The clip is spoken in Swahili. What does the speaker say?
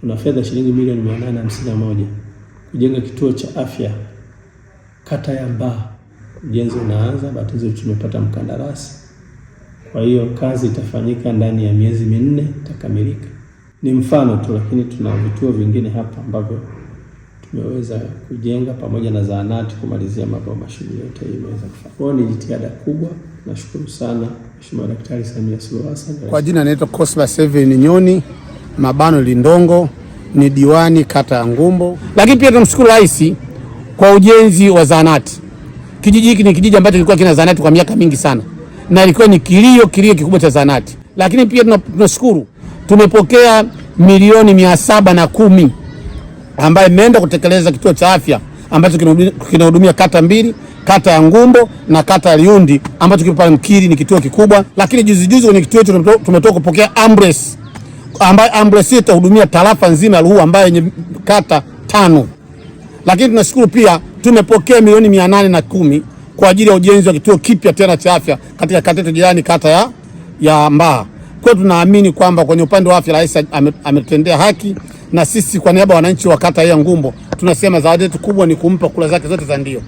tuna fedha shilingi milioni mia nane hamsini na moja kujenga kituo cha afya kata ya Mbaa. Ujenzi unaanza, bahati nzuri tumepata mkandarasi, kwa hiyo kazi itafanyika ndani ya miezi minne itakamilika. Ni mfano tu, lakini tuna vituo vingine hapa ambavyo tumeweza kujenga pamoja na zahanati kumalizia mambo Shughuli yote hii imeweza Kwa ni jitihada kubwa. Nashukuru sana Mheshimiwa Daktari Samia Suluhu Hassan. Kwa jina naitwa Cosmas Seven Nyoni. Mabano Lindongo, ni diwani kata ya Ngumbo. Lakini pia tunamshukuru rais kwa ujenzi wa zahanati. Kijiji hiki ni kijiji ambacho kilikuwa kina zahanati kwa miaka mingi sana, na ilikuwa ni kilio kilio kikubwa cha zahanati. Lakini pia tunashukuru tumepokea milioni mia saba na kumi ambayo imeenda kutekeleza kituo cha afya ambacho kinahudumia kata mbili, kata ya Ngumbo na kata ya Liundi ambacho kipo pale Mkiri, ni kituo kikubwa. Lakini juzi juzi kwenye kituo hicho tumetoka kupokea ambulance ambayo ambulensi itahudumia tarafa nzima Ruhuu ambayo yenye kata tano. Lakini tunashukuru pia tumepokea milioni mia nane na kumi kwa ajili ya ujenzi wa kituo kipya tena cha afya katika kata yetu jirani, kata ya, ya Mbaa. Kwa hiyo tunaamini kwamba kwenye upande wa afya rais ame haki, na sisi kwa niaba ya wananchi wa kata ya Ngumbo tunasema zawadi yetu kubwa ni kumpa kula zake zote za ndio.